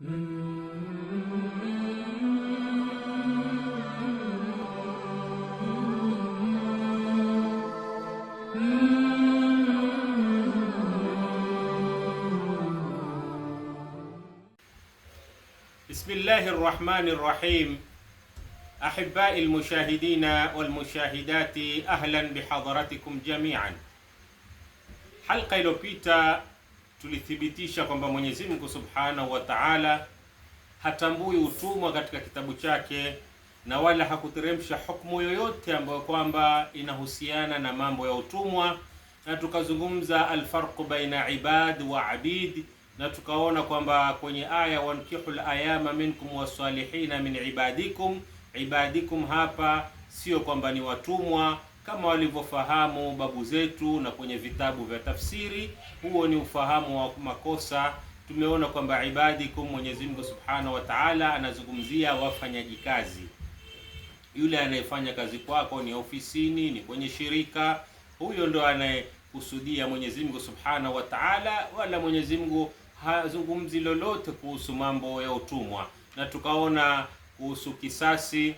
بسم الله الرحمن الرحيم احباء المشاهدين والمشاهدات أهلا بحضرتكم جميعا حلقة لوبيتا tulithibitisha kwamba Mwenyezi Mungu Subhanahu wa Ta'ala hatambui utumwa katika kitabu chake na wala hakuteremsha hukumu yoyote ambayo kwamba inahusiana na mambo ya utumwa, na tukazungumza alfarqu baina ibad wa abid, na tukaona kwamba kwenye aya wankihul ayama minkum wasalihina min ibadikum, ibadikum hapa sio kwamba ni watumwa kama walivyofahamu babu zetu na kwenye vitabu vya tafsiri. Huo ni ufahamu wa makosa. Tumeona kwamba ibadikum, Mwenyezi Mungu Subhanahu wa Ta'ala anazungumzia wafanyaji kazi, yule anayefanya kazi kwako, ni ofisini, ni kwenye shirika, huyo ndo anayekusudia Mwenyezi Mungu Subhanahu wa Ta'ala, wala Mwenyezi Mungu hazungumzi lolote kuhusu mambo ya utumwa, na tukaona kuhusu kisasi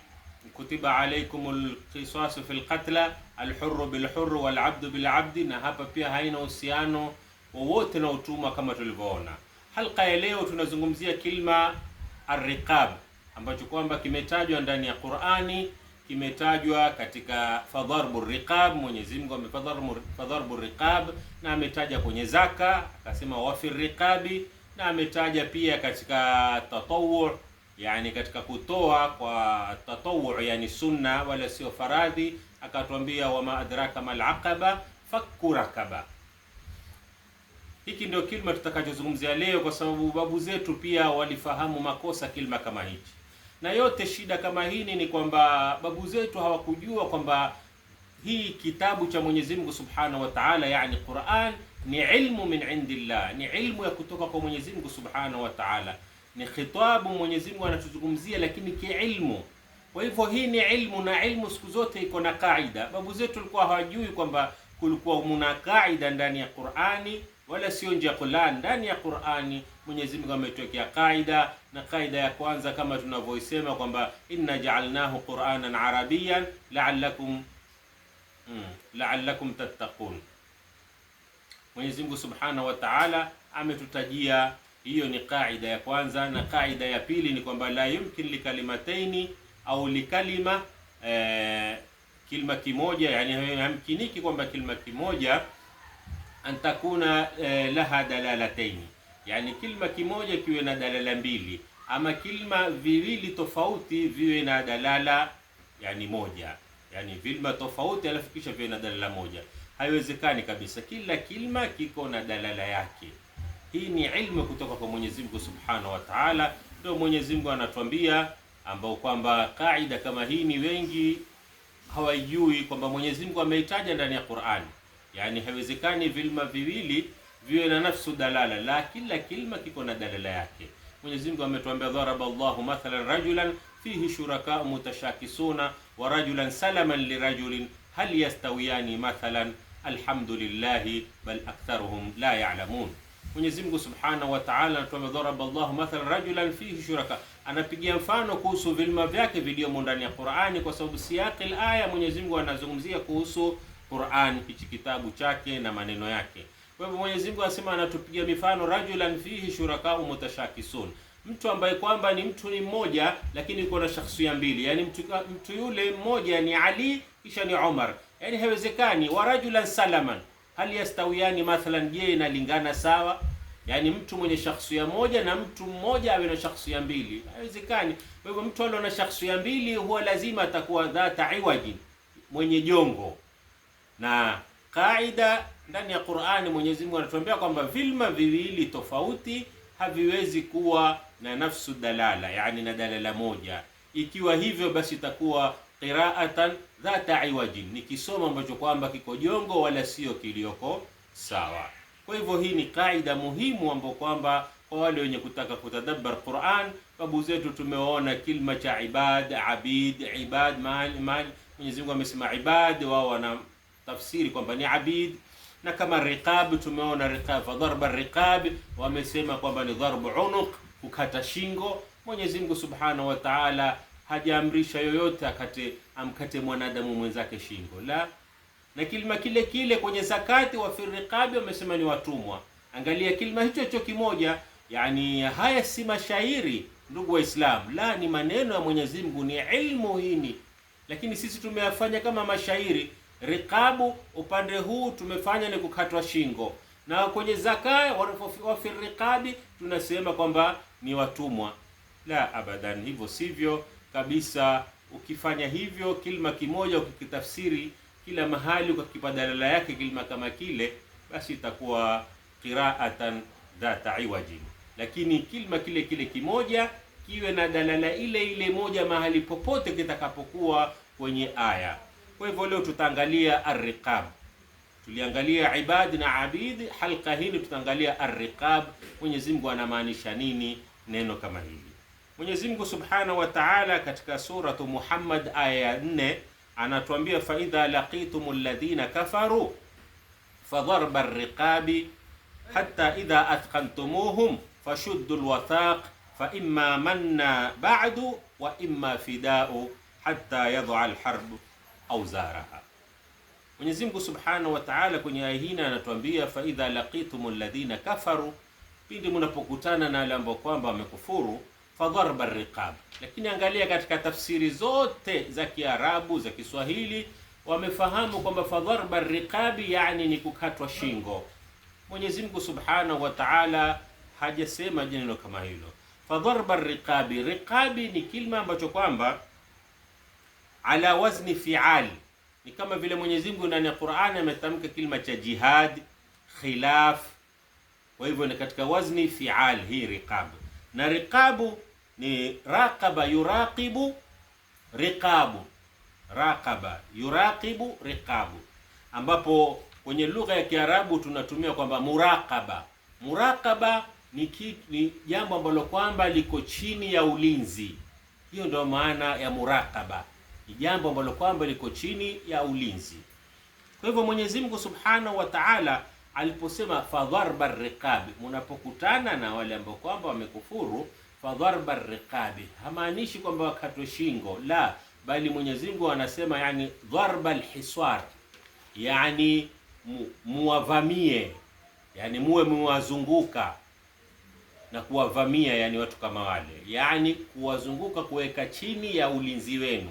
kutiba alaikumul qisasu fil qatla alhurru bilhurru walabdu bilabdi, na hapa pia haina uhusiano wowote na utumwa kama tulivyoona. Halqa ya leo tunazungumzia kilma arriqab ambacho kwamba kimetajwa ndani ya Qur'ani, kimetajwa katika fadharbu riqab. Mwenyezi Mungu amefadharbu fadharbu riqab, na ametaja kwenye zaka akasema wafi riqabi, na ametaja pia katika tatawwu yani katika kutoa kwa tatawu, yani sunna wala sio faradhi. Akatuambia wama adraka mal aqaba fakku rakaba. Hiki ndio kilma tutakachozungumzia leo, kwa sababu babu zetu pia walifahamu makosa kilima kama hichi, na yote shida kama hili ni kwamba babu zetu hawakujua kwamba hii kitabu cha Mwenyezi Mungu Subhanahu wa Ta'ala, yani Qur'an, ni ilmu min indillah, ni ilmu ya kutoka kwa Mwenyezi Mungu Subhanahu wa Ta'ala ni khitabu Mwenyezi Mungu anatuzungumzia, lakini kiilmu. Kwa hivyo hii ni ilmu, na ilmu siku zote iko na kaida. Babu zetu walikuwa hawajui kwamba kulikuwa muna kaida ndani ya Qur'ani, wala sio nje ya Qur'ani. Ndani ya Qur'ani Mwenyezi Mungu ametokea kaida, na kaida ya kwanza kama tunavyosema kwamba inna ja'alnahu Qur'anan Arabiyan la'allakum mm, la'allakum tattaqun. Mwenyezi Mungu Subhanahu wa Ta'ala ametutajia hiyo ni kaida ya kwanza, na kaida ya pili ni kwamba la yumkin likalimataini au likalima e, eh, kilma kimoja, yani hamkiniki kwamba kilma kimoja antakuna e, eh, laha dalalataini, yani kilma kimoja kiwe na dalala mbili, ama kilma viwili tofauti viwe na dalala yani moja, yani vilma tofauti alafu kisha viwe na dalala moja. Haiwezekani kabisa, kila kilma kiko na dalala yake. Hii ni ilmu kutoka kwa Mwenyezi Mungu Subhanahu wa Ta'ala, ndio Mwenyezi Mungu anatuambia, ambao kwamba kaida kama hii ni wengi hawajui kwamba Mwenyezi Mungu ameitaja ndani ya Qur'an. Yaani haiwezekani vilma viwili viwe na nafsu dalala, la kila kilma kiko na dalala yake. Mwenyezi Mungu ametuambia, dharaba Allahu mathalan rajulan fihi shuraka mutashakisuna wa rajulan salaman lirajulin hal yastawiyani mathalan alhamdulillahi bal aktharuhum la ya'lamun. Mwenyezi Mungu Subhanahu wa Ta'ala anatuambia dharaba Allahu mathalan rajulan fihi shuraka, anapigia mfano kuhusu vilima vyake viliomo ndani ya Qur'ani, kwa sababu siyaqi al-aya, Mwenyezi Mungu anazungumzia kuhusu Qur'ani kichi kitabu chake na maneno yake. Kwa hivyo Mwenyezi Mungu anasema anatupigia mifano rajulan fihi shuraka mutashakisun, mtu ambaye kwamba ni mtu ni mmoja lakini yuko na shakhsia mbili, yani mtu, mtu yule mmoja ni Ali kisha ni Umar, yani haiwezekani. Wa rajulan salaman hali stawiani mathalan, je, inalingana sawa? Yaani mtu mwenye shakhsia moja na mtu mmoja awe na shakhsia mbili, haiwezekani. Kwa hivyo mtu alio na shakhsia mbili huwa lazima atakuwa dhata iwaji, mwenye jongo na kaida ndani ya Qur'ani Mwenyezi Mungu anatuambia kwamba vilma viwili tofauti haviwezi kuwa na nafsu dalala, yani na dalala moja. Ikiwa hivyo basi itakuwa qira'atan dhata iwajin, ni kisomo ambacho kwamba kiko jongo wala sio kilioko sawa. Kwa hivyo hii ni kaida muhimu ambayo kwamba kwa wale wenye kutaka kutadabbar Qur'an, babu zetu tumeona kilma cha ibad, abid, ibad mal, mal. Mwenyezi Mungu amesema ibad, wao wana tafsiri kwamba ni abid, na kama riqab, tumeona riqab, fadharba riqab, wamesema kwamba ni dharbu unuq, kukata shingo. Mwenyezi Mungu Subhanahu wa Ta'ala hajaamrisha yoyote akate amkate mwanadamu mwenzake shingo la na kilima kile kile kwenye zakati wa firiqabi wamesema ni watumwa. Angalia kilima hicho hicho kimoja, yani haya si mashairi ndugu Waislamu, la ni maneno ya Mwenyezi Mungu, ni ilmu hini, lakini sisi tumeyafanya kama mashairi. Riqabu upande huu tumefanya ni kukatwa shingo, na kwenye zakaa wa firiqabi tunasema kwamba ni watumwa. La abadan, hivyo sivyo kabisa. Ukifanya hivyo kilma kimoja ukikitafsiri kila mahali ukakipa dalala yake kilma kama kile, basi itakuwa qiraatan dhata iwajin. Lakini kilma kile kile kimoja kiwe na dalala ile ile moja mahali popote kitakapokuwa kwenye aya. Kwa hivyo leo tutaangalia arriqab. Tuliangalia ibad na abid, halqa hili tutaangalia arriqab. Mwenyezi anamaanisha nini neno kama hili? Mwenyezi Mungu Subhanahu wa Ta'ala katika suratu Muhammad aya ya 4 anatuambia fa idha laqitumul ladhina kafaru fadharba arriqabi hatta idha athqantumuhum fashuddu alwathaq fa imma manna ba'du wa imma fida'u hatta yadha alharb au Mwenyezi Mungu Subhanahu wa Ta'ala kwenye aya hii anatuambia fa idha laqitumul ladhina kafaru, pindi mnapokutana na wale ambao kwamba wamekufuru fadharba riqab. Lakini angalia katika tafsiri zote za Kiarabu za Kiswahili wamefahamu kwamba fadharba riqabi, yani ni kukatwa shingo. Mwenyezi Mungu Subhanahu wa Ta'ala hajasema neno kama hilo. Fadharba riqabi, riqabi ni kilima ambacho kwamba ala wazni fi'al, ni kama vile Mwenyezi Mungu ndani ya Qur'ani ametamka kilima cha jihad, khilaf. Kwa hivyo ni katika wazni fi'al hii riqabi na riqabu ni rakaba yuraqibu riqabu rakaba yuraqibu riqabu, ambapo kwenye lugha ya Kiarabu tunatumia kwamba muraqaba muraqaba ni ki, ni jambo ambalo kwamba liko chini ya ulinzi. Hiyo ndio maana ya murakaba, ni jambo ambalo kwamba liko chini ya ulinzi. Kwa hivyo Mwenyezi Mungu Subhanahu wa Ta'ala aliposema fadharba riqabi, munapokutana na wale ambao kwamba wamekufuru, fadharba riqabi, hamaanishi kwamba wakatwe shingo, la bali Mwenyezi Mungu anasema yani dharba alhiswar, yani muwavamie, yani muwe muwazunguka na kuwavamia, yani watu kama wale, yani kuwazunguka, kuweka chini ya ulinzi wenu.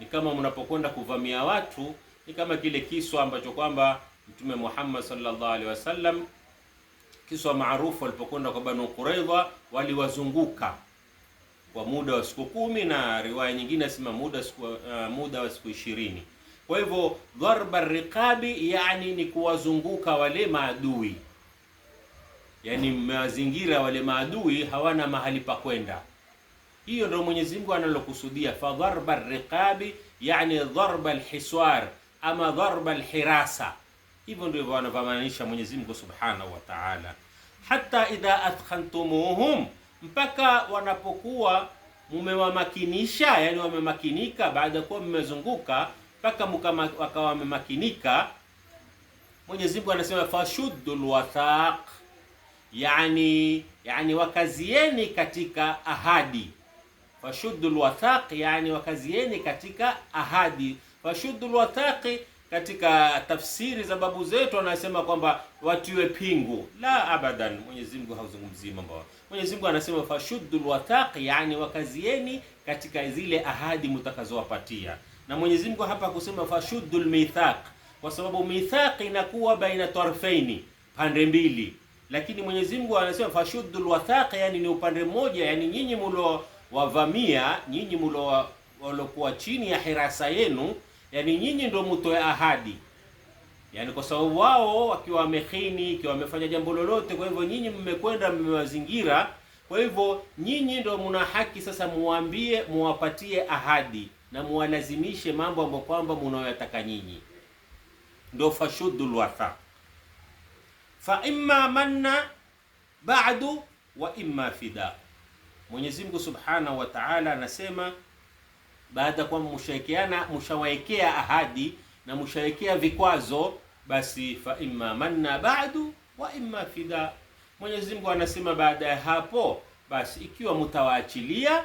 Ni kama mnapokwenda kuvamia watu, ni kama kile kiswa ambacho kwamba Mtume Muhammad sallallahu alaihi wasallam kiswa maarufu walipokwenda kwa Banu Quraidha waliwazunguka kwa muda wa siku kumi na riwaya nyingine asema muda siku, uh, muda wa siku ishirini. Kwa hivyo dharba riqabi, yani ni kuwazunguka wale maadui, yani mazingira wale maadui hawana mahali pa kwenda. Hiyo ndio Mwenyezi Mungu analokusudia fa dharba riqabi, yani dharba alhiswar ama dharba alhirasa Hivyo ndivyo anavyomaanisha Mwenyezi Mungu Subhanahu wa Ta'ala, hata idha athkhantumuhum, mpaka wanapokuwa mumewamakinisha, yani wamemakinika, baada ya kuwa mmezunguka mpaka wakawa wamemakinika. Mwenyezi Mungu anasema fashuddul wathaq, yani yani wakazieni katika ahadi. Fashuddul wathaq, yani wakazieni katika ahadi. Fashuddul wathaqi katika tafsiri za babu zetu anasema kwamba watiwe pingu. La, abadan, Mwenyezi Mungu hauzungumzii mambo. hayo. Mwenyezi Mungu anasema fashuddu wataqi, yani wakazieni katika zile ahadi mtakazowapatia. Na Mwenyezi Mungu hapa kusema fashuddu mithaq, kwa sababu mithaq inakuwa baina tarfaini, pande mbili, lakini Mwenyezi Mungu anasema fashuddu wataqi, yani ni upande mmoja, yani nyinyi mlo wavamia, nyinyi mlo walokuwa chini ya hirasa yenu yaani nyinyi ndio mtoe ahadi, yaani kwa sababu wao wakiwa wamehini, kiwa wamefanya jambo lolote, kwa hivyo nyinyi mmekwenda, mmewazingira. Kwa hivyo nyinyi ndio mna haki sasa, muambie, muwapatie ahadi na muwalazimishe mambo ambayo kwamba munayoyataka nyinyi, ndio fashuddul wafa. fa imma manna ba'du wa imma fida. Mwenyezi Mungu Subhanahu wa Ta'ala anasema baada ya kwamba mshawekeana ahadi na mshawekea vikwazo, basi fa imma manna ba'du wa imma fida. Mwenyezi Mungu anasema baada ya hapo, basi ikiwa mtawaachilia,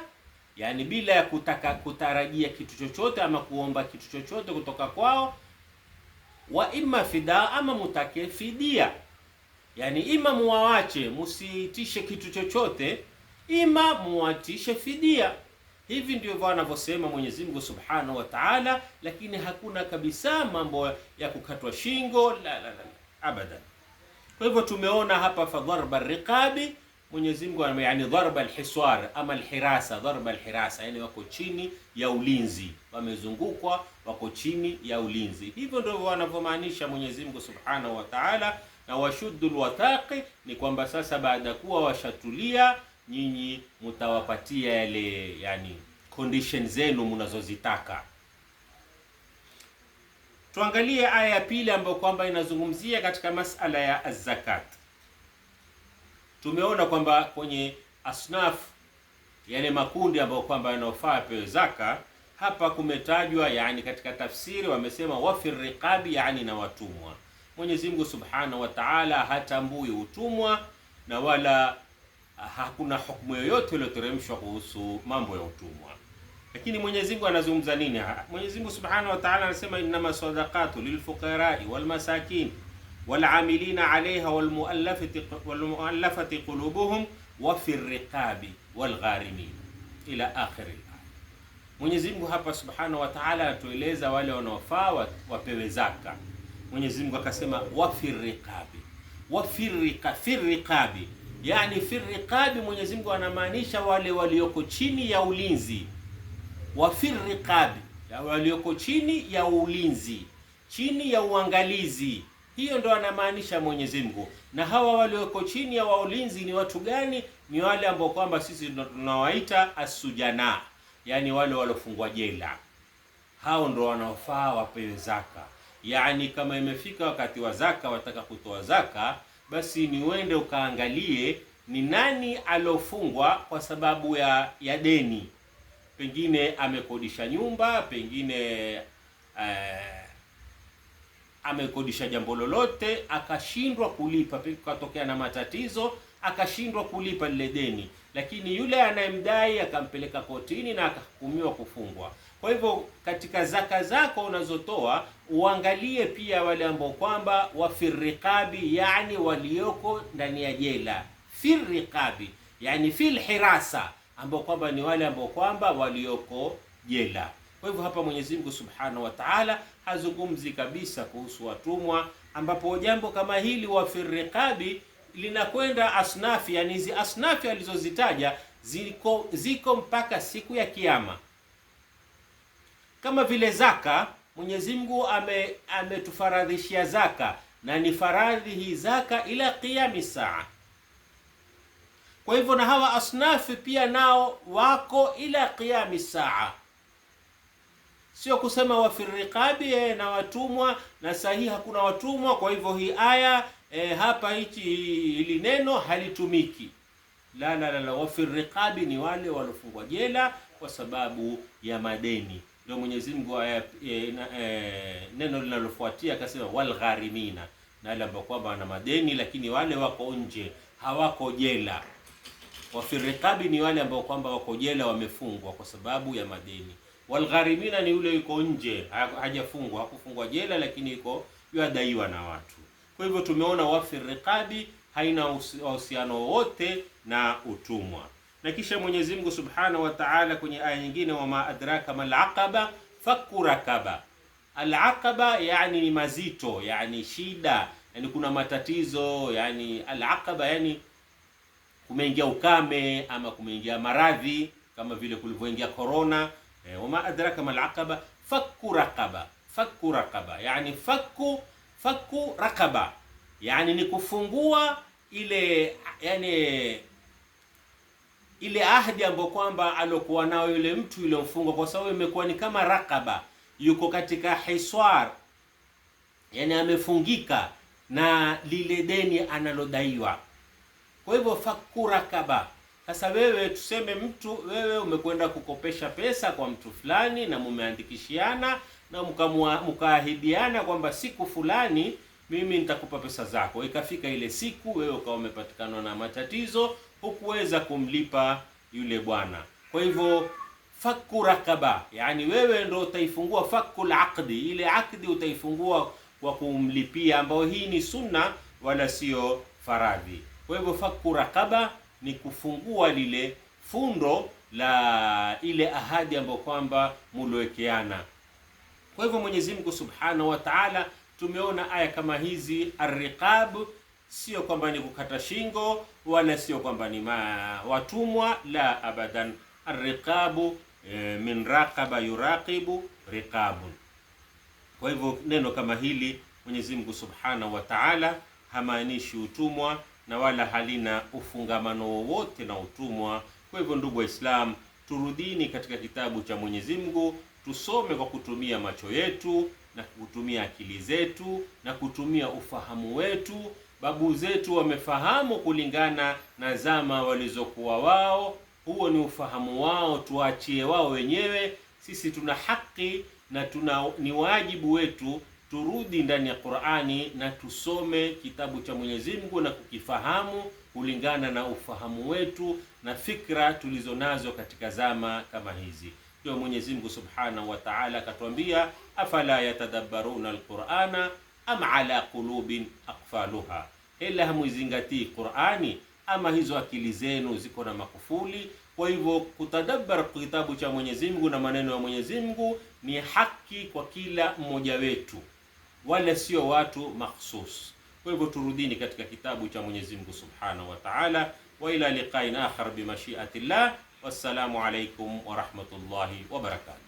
yani bila ya kutaka kutarajia kitu chochote ama kuomba kitu chochote kutoka kwao, wa imma fida, ama mutake fidia, yani ima muwawache, musiitishe kitu chochote, ima muwatishe fidia. Hivi ndio anavyosema Mwenyezi Mungu Subhanahu wa Ta'ala, lakini hakuna kabisa mambo ya kukatwa shingo la, la, la, abadan. Kwa hivyo tumeona hapa fa dharba riqabi Mwenyezi Mungu yani dharba alhiswar ama alhirasa, dharba alhirasa, yani wako chini ya ulinzi, wamezungukwa, wako chini ya ulinzi. Hivyo ndivyo wanavyomaanisha Mwenyezi Mungu Subhanahu wa Ta'ala, na washuddu alwathaqi ni kwamba sasa baada ya kuwa washatulia nyinyi mtawapatia yale yani condition zenu mnazozitaka. Tuangalie aya ya pili ambayo kwamba inazungumzia katika masala ya azakat. Tumeona kwamba kwenye asnaf yale makundi ambayo kwamba yanaofaa pewe zaka, hapa kumetajwa yani, katika tafsiri wamesema wafir riqabi, yani na watumwa. Mwenyezi Mungu Subhanahu wa Ta'ala hatambui utumwa na wala hakuna hukumu yoyote iliyoteremshwa kuhusu mambo ya utumwa. Lakini Mwenyezi Mungu anazungumza nini? Mwenyezi Mungu Subhanahu wa Ta'ala anasema innama sadaqatu lilfuqarai walmasakin walamilina alayha walmuallafati qulubuhum wa fi riqabi walgharimin ila akhir. al Mwenyezi Mungu hapa Subhanahu wa Ta'ala anatueleza wale wanaofaa wapewe zaka. Mwenyezi Mungu akasema wa fi riqabi wa fi riqabi yani fi riqabi, Mwenyezi Mungu anamaanisha wale walioko chini ya ulinzi wa fi riqabi, walioko chini ya ulinzi, chini ya uangalizi. Hiyo ndo anamaanisha Mwenyezi Mungu. Na hawa walioko chini ya waulinzi ni watu gani? Ni wale ambao kwamba sisi tunawaita asujana, yani wale waliofungwa jela. Hao ndo wanaofaa wapewe zaka, yani kama imefika wakati wa zaka, wataka kutoa zaka basi ni uende ukaangalie ni nani alofungwa kwa sababu ya ya deni, pengine amekodisha nyumba, pengine eh, amekodisha jambo lolote akashindwa kulipa, katokea na matatizo akashindwa kulipa lile deni, lakini yule anayemdai akampeleka kotini na akahukumiwa kufungwa. Kwa hivyo katika zaka zako unazotoa uangalie pia wale ambao kwamba wafirriqabi, yani walioko ndani ya jela, firriqabi yani fil hirasa, ambao kwamba ni wale ambao kwamba walioko jela. Kwa hivyo hapa Mwenyezi Mungu Subhanahu wa Ta'ala hazungumzi kabisa kuhusu watumwa, ambapo jambo kama hili wafirriqabi linakwenda asnafi, yani hizi asnafi alizozitaja ziko, ziko mpaka siku ya Kiyama. Kama vile zaka, Mwenyezi Mungu ame ametufaradhishia zaka na ni faradhi hii zaka ila qiyami saa. Kwa hivyo na hawa asnafu pia nao wako ila qiyami saa, sio kusema wafirriqabi e, na watumwa na sahihi hakuna watumwa. Kwa hivyo hii aya e, hapa hichi hili neno halitumiki. La, la, la, la. Wafirriqabi ni wale walofungwa jela kwa sababu ya madeni ndio Mwenyezi Mungu e, e, neno linalofuatia akasema walgharimina, na wale ambao kwamba wana madeni, lakini wale wako nje, hawako jela. Wafirikabi ni wale ambao kwamba wako jela, wamefungwa kwa sababu ya madeni. Walgharimina ni yule yuko nje, hajafungwa, hakufungwa jela, lakini yuko yadaiwa na watu. Kwa hivyo tumeona wafirikabi haina uhusiano wowote na utumwa. Na kisha Mwenyezi Mungu Subhanahu wa Ta'ala kwenye aya nyingine, ma adraka mal aqaba fakku rakaba. Al aqaba yani ni mazito, yani shida, yani kuna matatizo, yani al aqaba yani kumeingia ukame ama kumeingia maradhi kama vile kulivyoingia corona. Eh, wa ma adraka mal aqaba yaani fakku rakaba, rakaba yani fakku fakku rakaba yani ni kufungua ile yani ile ahdi ambayo kwamba alokuwa nayo yule mtu yule kwa sababu imekuwa ni kama rakaba, yuko katika hiswar, yani amefungika na lile deni analodaiwa. Kwa hivyo faku rakaba. Sasa wewe tuseme, mtu wewe umekwenda kukopesha pesa kwa mtu fulani na mumeandikishiana na mkaahidiana kwamba siku fulani mimi nitakupa pesa zako, ikafika ile siku, wewe ukawa umepatikana na matatizo hukuweza kumlipa yule bwana. Kwa hivyo faku rakaba, yani wewe ndo utaifungua fakul aqdi, ile akdi utaifungua kwa kumlipia, ambayo hii ni sunna wala sio faradhi. Kwa hivyo faku rakaba ni kufungua lile fundo la ile ahadi ambayo kwamba muliwekeana. Kwa hivyo Mwenyezi Mungu Subhanahu wa Ta'ala, tumeona aya kama hizi arriqab sio kwamba ni kukata shingo wala sio kwamba ni watumwa, la abadan. Arriqabu e, min raqaba yuraqibu riqabun. Kwa hivyo neno kama hili Mwenyezi Mungu Subhanahu wa Ta'ala hamaanishi utumwa na wala halina ufungamano wowote na utumwa. Kwa hivyo, ndugu Waislamu, turudini katika kitabu cha Mwenyezi Mungu, tusome kwa kutumia macho yetu na kutumia akili zetu na kutumia ufahamu wetu babu zetu wamefahamu kulingana na zama walizokuwa wao. Huo ni ufahamu wao, tuachie wao wenyewe. Sisi tuna haki na tuna ni wajibu wetu turudi ndani ya Qur'ani na tusome kitabu cha Mwenyezi Mungu na kukifahamu kulingana na ufahamu wetu na fikra tulizonazo katika zama kama hizi. Ndio Mwenyezi Mungu Subhanahu wa Ta'ala akatwambia, afala yatadabbaruna alqur'ana ama ala qulubin akfaluha, ila hamuizingatii Qur'ani ama hizo akili zenu ziko na makufuli. Kwa hivyo kutadabbar kitabu cha Mwenyezi Mungu na maneno ya Mwenyezi Mungu ni haki kwa kila mmoja wetu, wala sio watu makhsus. Kwa hivyo turudini katika kitabu cha Mwenyezi Mungu Subhanahu wa Ta'ala. Wa ila liqa'in akhar bi mashi'atillah. Wassalamu alaykum wa rahmatullahi wa barakatuh.